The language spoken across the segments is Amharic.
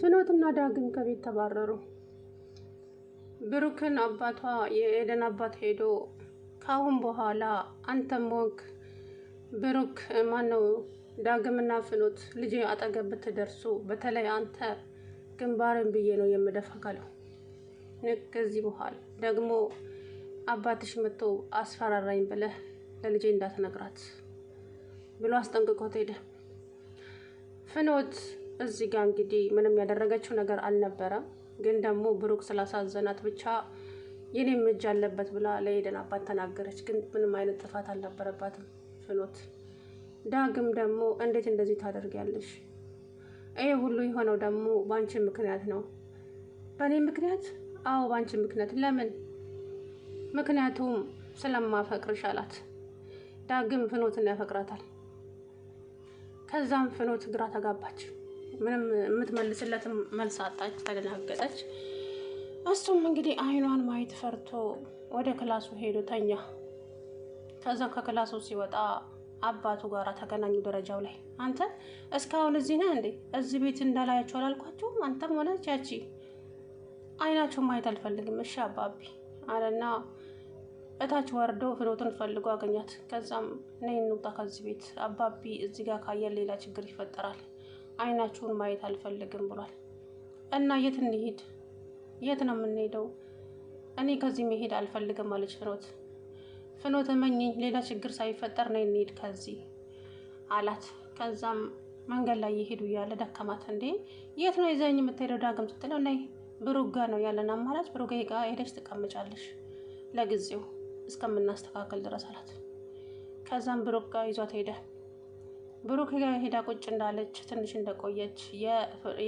ፍኖትና ዳግም ከቤት ተባረሩ። ብሩክን አባቷ የኤደን አባት ሄዶ ካሁን በኋላ አንተም ሞግ ብሩክ ማነው ዳግምና ፍኖት ልጅ አጠገብ ብትደርሱ በተለይ አንተ ግንባርን ብዬ ነው የምደፈቀለው። ንቅ ከዚህ በኋላ ደግሞ አባትሽ መጥቶ አስፈራራኝ ብለህ ለልጄ እንዳትነግራት ብሎ አስጠንቅቆት ሄደ ፍኖት እዚህ ጋ እንግዲህ ምንም ያደረገችው ነገር አልነበረም። ግን ደግሞ ብሩክ ስላሳዘናት ብቻ የኔም እጅ አለበት ብላ ለኤደን አባት ተናገረች። ግን ምንም አይነት ጥፋት አልነበረባትም ፍኖት። ዳግም ደግሞ እንዴት እንደዚህ ታደርጊያለሽ? ይሄ ሁሉ የሆነው ደግሞ በአንቺ ምክንያት ነው። በእኔ ምክንያት? አዎ በአንቺ ምክንያት። ለምን? ምክንያቱም ስለማፈቅርሽ አላት። ዳግም ፍኖትን ያፈቅራታል። ከዛም ፍኖት ግራ ተጋባች። ምንም የምትመልስለትም መልስ አጣች፣ ተደናገጠች። እሱም እንግዲህ አይኗን ማየት ፈርቶ ወደ ክላሱ ሄዶ ተኛ። ከዛም ከክላሱ ሲወጣ አባቱ ጋር ተገናኙ። ደረጃው ላይ አንተ እስካሁን እዚህ ነህ እንዴ? እዚህ ቤት እንዳላያቸው አላልኳቸውም? አንተም ሆነ ቻቺ አይናቸውን ማየት አልፈልግም። እሺ አባቢ አለና እታች ወርዶ ፍኖትን ፈልጎ አገኛት። ከዛም ነይ እንውጣ ከዚህ ቤት አባቢ እዚህ ጋር ካየን ሌላ ችግር ይፈጠራል አይናችሁን ማየት አልፈልግም ብሏል። እና የት እንሂድ? የት ነው የምንሄደው? እኔ ከዚህ መሄድ አልፈልግም አለች ፍኖት። ፍኖት መኝ ሌላ ችግር ሳይፈጠር ነው እንሂድ ከዚህ አላት። ከዛም መንገድ ላይ የሄዱ እያለ ደከማት። እንዴ የት ነው ይዘኝ የምትሄደው ዳግም ስትለው ነይ ብሩጋ ነው ያለን አማራጭ ብሩጋ ጋ ሄደች ትቀምጫለሽ ለጊዜው እስከምናስተካከል ድረስ አላት። ከዛም ብሩጋ ይዟት ሄደ። ብሩክ ሄዳ ቁጭ እንዳለች ትንሽ እንደቆየች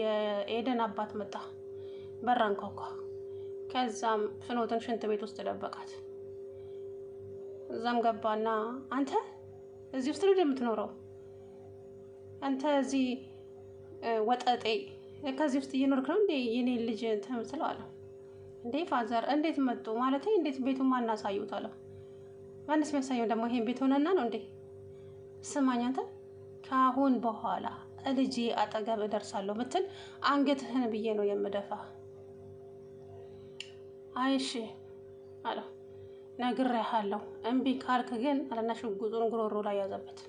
የኤደን አባት መጣ። በራን ኳኳ። ከዛም ፍኖትን ሽንት ቤት ውስጥ ደበቃት። እዛም ገባና አንተ እዚህ ውስጥ ነው የምትኖረው? አንተ እዚህ ወጠጤ ከዚህ ውስጥ እየኖርክ ነው እንዴ የኔ ልጅ ትምስለው አለ። እንዴ ፋዘር እንዴት መጡ ማለት እንዴት ቤቱ ማናሳዩት አለው። ማንስ የሚያሳየው ደግሞ ይሄን ቤት ሆነና ነው እንዴ? ስማኝ አንተ ካሁን በኋላ ልጄ አጠገብ እደርሳለሁ ምትል አንገትህን ብዬ ነው የምደፋ። አይሺ አለው። ነግሬሃለሁ፣ እምቢ ካልክ ግን አለና ሽጉጡን ጉሮሮ ላይ ያዘበት።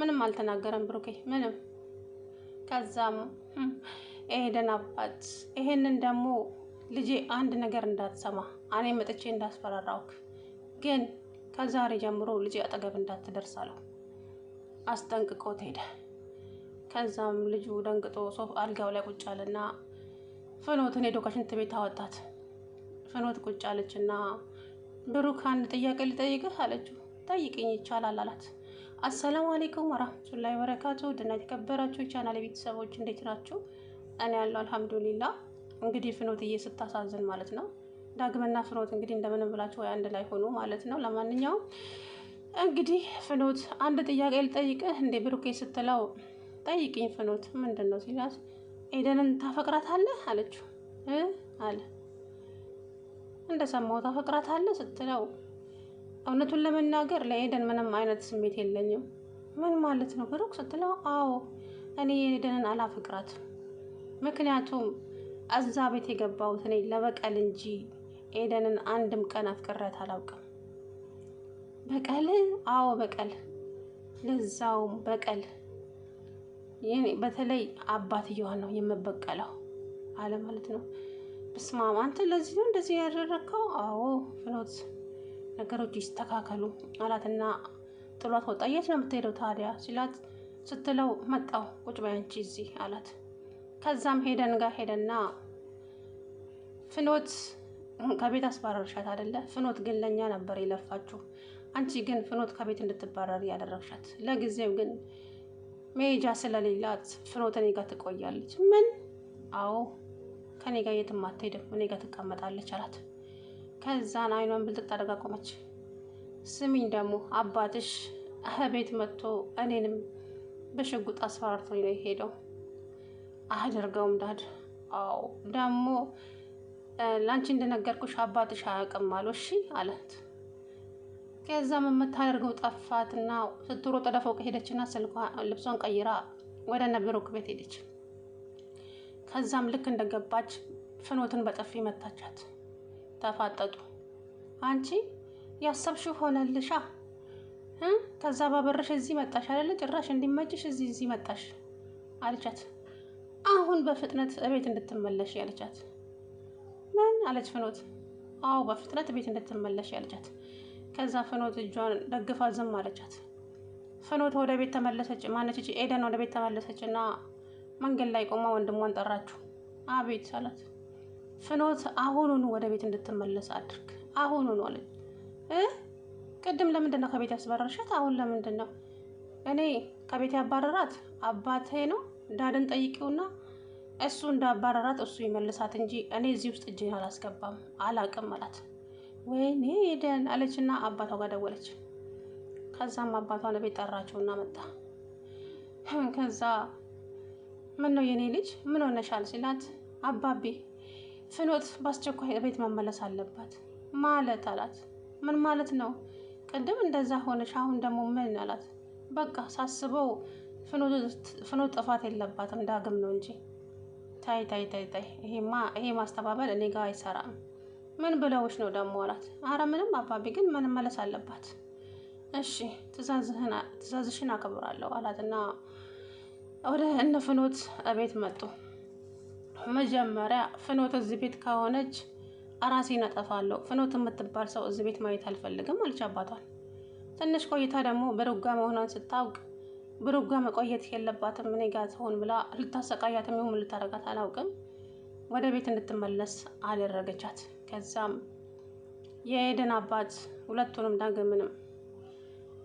ምንም አልተናገረም ብሩኬ፣ ምንም። ከዛም ኤደን አባት ይሄንን ደግሞ ልጄ አንድ ነገር እንዳትሰማ እኔ መጥቼ እንዳስፈራራውክ፣ ግን ከዛሬ ጀምሮ ልጄ አጠገብ እንዳትደርሳለሁ አስጠንቅቆት ሄደ። ከዛም ልጁ ደንግጦ ሶፍ አልጋው ላይ ቁጭ አለና ፍኖትን ሄዶ ከሽንት ቤት አወጣት። ፍኖት ቁጭ አለችና ብሩክ አንድ ጥያቄ ልጠይቅህ አለችው። ጠይቅኝ ይቻላል አላት። አሰላሙ አሌይኩም ወራህመቱላሂ ወበረካቱ ድና የተከበራችሁ ቻናል ቤተሰቦች እንዴት ናችሁ? እኔ ያለው አልሐምዱሊላ። እንግዲህ ፍኖትዬ ስታሳዝን ማለት ነው። ዳግምና ፍኖት እንግዲህ እንደምንም ብላችሁ ወይ አንድ ላይ ሆኑ ማለት ነው። ለማንኛውም እንግዲህ ፍኖት አንድ ጥያቄ ልጠይቅህ እንዴ ብሩኬ ስትለው ጠይቅኝ ፍኖት ምንድን ነው ሲላት ኤደንን ታፈቅራታለህ አለችው አለ እንደሰማው ታፈቅራታለህ ስትለው እውነቱን ለመናገር ለኤደን ምንም አይነት ስሜት የለኝም ምን ማለት ነው ብሩክ ስትለው አዎ እኔ የኤደንን አላፈቅራት ምክንያቱም እዛ ቤት የገባሁት እኔ ለበቀል እንጂ ኤደንን አንድም ቀን አፍቅረት አላውቅም በቀል አዎ በቀል ለዛው በቀል የኔ በተለይ አባትየዋን ነው የምበቀለው አለ ማለት ነው። በስመ አብ አንተ ለዚህ ነው እንደዚህ ያደረግከው? አዎ ፍኖት ነገሮች ይስተካከሉ አላትና ጥሏት ወጣ። የት ነው የምትሄደው ታዲያ ሲላት ስትለው መጣው ቁጭ በይ አንቺ እዚህ አላት። ከዛም ሄደን ጋር ሄደና ፍኖት ከቤት አስባረርሻት አደለ ፍኖት ግን ለእኛ ነበር የለፋችሁ አንቺ ግን ፍኖት ከቤት እንድትባረር ያደረግሻት። ለጊዜው ግን መሄጃ ስለሌላት ፍኖት እኔ ጋር ትቆያለች። ምን? አዎ ከኔ ጋር የትም አትሄድም፣ እኔ ጋር ትቀመጣለች አላት። ከዛን አይኗን ብልጥጥ አድርጋ ቆመች። ስሚኝ ደግሞ አባትሽ ቤት መጥቶ እኔንም በሽጉጥ አስፈራርቶ ነው የሄደው። አደርገውም ዳድ። አዎ ደግሞ ለአንቺ እንደነገርኩሽ አባትሽ አያውቅም አሉ። እሺ አላት። ከዛም የምታደርገው ጠፋትና ስትሮጥ ወደ ፎቅ ሄደችና ስልኳ ልብሷን ቀይራ ወደ እነ ቤት ሄደች። ከዛም ልክ እንደገባች ፍኖትን በጥፊ መታቻት። ተፋጠጡ። አንቺ ያሰብሽው ሆነልሻ። ከዛ ባበረሽ እዚህ መጣሽ አይደለ? ጭራሽ እንዲመጭሽ እዚህ እዚህ መጣሽ አለቻት። አሁን በፍጥነት እቤት እንድትመለሽ ያለቻት ምን አለች? ፍኖት አዎ በፍጥነት እቤት እንድትመለሽ ያለቻት ከዛ ፍኖት እጇን ደግፋ ዝም አለቻት። ፍኖት ወደ ቤት ተመለሰች። ማነች ኤደን ወደ ቤት ተመለሰች እና መንገድ ላይ ቆማ ወንድሟን ጠራችሁ። አቤት አላት። ፍኖት አሁኑኑ ወደ ቤት እንድትመለስ አድርግ፣ አሁኑኑ አለች። ቅድም ለምንድን ነው ከቤት ያስባረርሻት? አሁን ለምንድን ነው እኔ ከቤት ያባረራት አባቴ ነው። ዳድን ጠይቂውና እሱ እንዳባረራት እሱ ይመልሳት እንጂ እኔ እዚህ ውስጥ እጅን አላስገባም፣ አላቅም አላት። ወይኔ ሄደን አለችና አባቷ ጋር ደወለች። ከዛም አባቷ ለቤት ጠራቸውና መጣ። ከዛ ምን ነው የኔ ልጅ ምን ሆነሻል ሲላት፣ አባቤ ፍኖት በአስቸኳይ ቤት መመለስ አለባት ማለት አላት። ምን ማለት ነው? ቅድም እንደዛ ሆነሽ አሁን ደግሞ ምን አላት። በቃ ሳስበው ፍኖት ጥፋት የለባትም ዳግም ነው እንጂ። ታይ ታይ ታይ ታይ፣ ይሄ ማስተባበል እኔ ጋር አይሰራም። ምን ብለውሽ ነው ደሞ አላት። አረ ምንም አባቢ፣ ግን መመለስ አለባት። እሺ ትእዛዝሽን አከብራለሁ አላትና ወደ እነ ፍኖት ቤት መጡ። መጀመሪያ ፍኖት እዚህ ቤት ከሆነች ራሴን አጠፋለሁ፣ ፍኖት የምትባል ሰው እዚህ ቤት ማየት አልፈልግም አለች አባቷል። ትንሽ ቆይታ ደግሞ ብሩጋ መሆኗን ስታውቅ ብሩጋ መቆየት የለባትም እኔ ጋ ትሆን ብላ ልታሰቃያትም ይሁን ልታረጋት አላውቅም፣ ወደ ቤት እንድትመለስ አደረገቻት። ከዛም የኤደን አባት ሁለቱንም ዳግምንም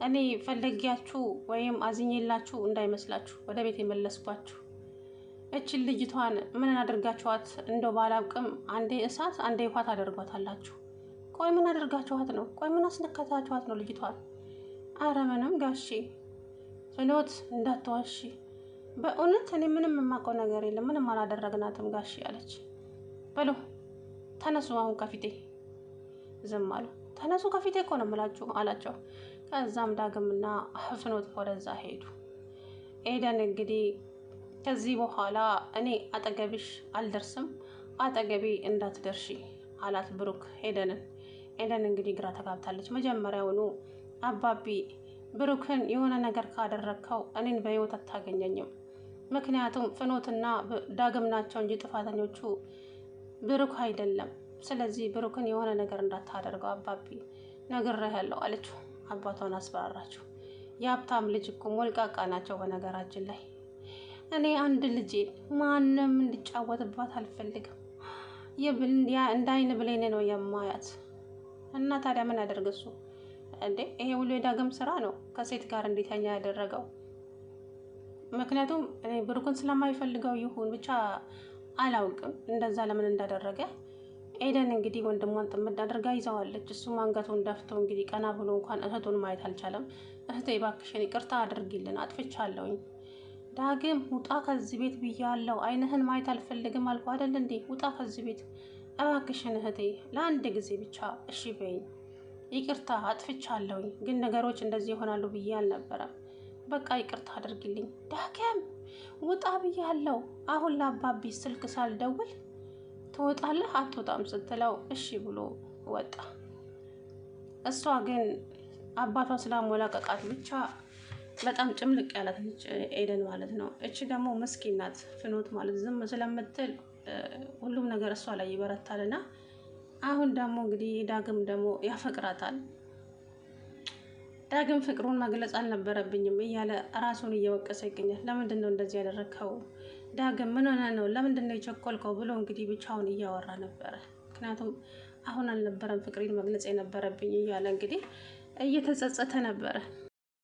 እኔ ፈለጊያችሁ ወይም አዝኜላችሁ እንዳይመስላችሁ ወደ ቤት የመለስኳችሁ እችን ልጅቷን ምን አድርጋችኋት እንደው ባላውቅም አንዴ እሳት አንዴ ውሃ ታደርጓታላችሁ። ቆይ ምን አድርጋችኋት ነው? ቆይ ምን አስነካታችኋት ነው ልጅቷን? አረ ምንም ጋሼ ፍኖት እንዳትዋሺ፣ በእውነት እኔ ምንም የማውቀው ነገር የለም፣ ምንም አላደረግናትም ጋሺ አለች። በሉ ተነሱ አሁን ከፊቴ ዝም አሉ። ተነሱ ከፊቴ እኮ ነው የምላችሁ አላቸው። ከዛም ዳግምና ህፍኖት ወደዛ ሄዱ። ኤደን እንግዲህ ከዚህ በኋላ እኔ አጠገብሽ አልደርስም፣ አጠገቤ እንዳትደርሺ አላት ብሩክ ኤደንን። ኤደን እንግዲህ ግራ ተጋብታለች። መጀመሪያውኑ አባቢ ብሩክን የሆነ ነገር ካደረግከው እኔን በህይወት አታገኘኝም፣ ምክንያቱም ፍኖትና ዳግም ናቸው እንጂ ጥፋተኞቹ ብሩክ አይደለም። ስለዚህ ብሩክን የሆነ ነገር እንዳታደርገው አባቢ ነግሬሃለሁ አለችው። አባቷን አስፈራራችው። የሀብታም ልጅ እኮ ሞልቃቃ ናቸው። በነገራችን ላይ እኔ አንድ ልጄ ማንም እንዲጫወትባት አልፈልግም። እንደ አይን ብሌን ነው የማያት እና ታዲያ ምን ያደርግ እሱ እንዴ? ይሄ ሁሉ የዳግም ስራ ነው ከሴት ጋር እንዲተኛ ያደረገው። ምክንያቱም ብሩክን ስለማይፈልገው ይሁን ብቻ አላውቅም እንደዛ ለምን እንዳደረገ። ኤደን እንግዲህ ወንድሟን ጥምድ አድርጋ ይዘዋለች። እሱም አንገቱን ደፍቶ እንግዲህ ቀና ብሎ እንኳን እህቱን ማየት አልቻለም። እህቴ እባክሽን ይቅርታ አድርጊልን፣ አጥፍቻለሁኝ። ዳግም ውጣ ከዚህ ቤት ብያለሁ። አይንህን ማየት አልፈልግም አልኩ አደል እንዴ? ውጣ ከዚህ ቤት እባክሽን እህቴ፣ ለአንድ ጊዜ ብቻ እሺ በይኝ። ይቅርታ አጥፍቻለሁኝ፣ ግን ነገሮች እንደዚህ ይሆናሉ ብዬ አልነበረም። በቃ ይቅርታ አድርጊልኝ ዳግም ውጣ ብያለው። አሁን ለአባቢ ስልክ ሳልደውል ትወጣለህ አትወጣም ስትለው እሺ ብሎ ወጣ። እሷ ግን አባቷ ስላሞላቀቃት ብቻ በጣም ጭምልቅ ያላት ነች ኤደን ማለት ነው። እች ደግሞ ምስኪን ናት ፍኖት ማለት ዝም ስለምትል ሁሉም ነገር እሷ ላይ ይበረታልና አሁን ደግሞ እንግዲህ ዳግም ደግሞ ያፈቅራታል። ዳግም ፍቅሩን መግለጽ አልነበረብኝም እያለ ራሱን እየወቀሰ ይገኛል። ለምንድን ነው እንደዚህ ያደረግከው ዳግም ምን ሆነ ነው ለምንድን ነው የቸኮልከው ብሎ እንግዲህ ብቻውን እያወራ ነበረ። ምክንያቱም አሁን አልነበረም ፍቅሬን መግለጽ የነበረብኝ እያለ እንግዲህ እየተጸጸተ ነበረ።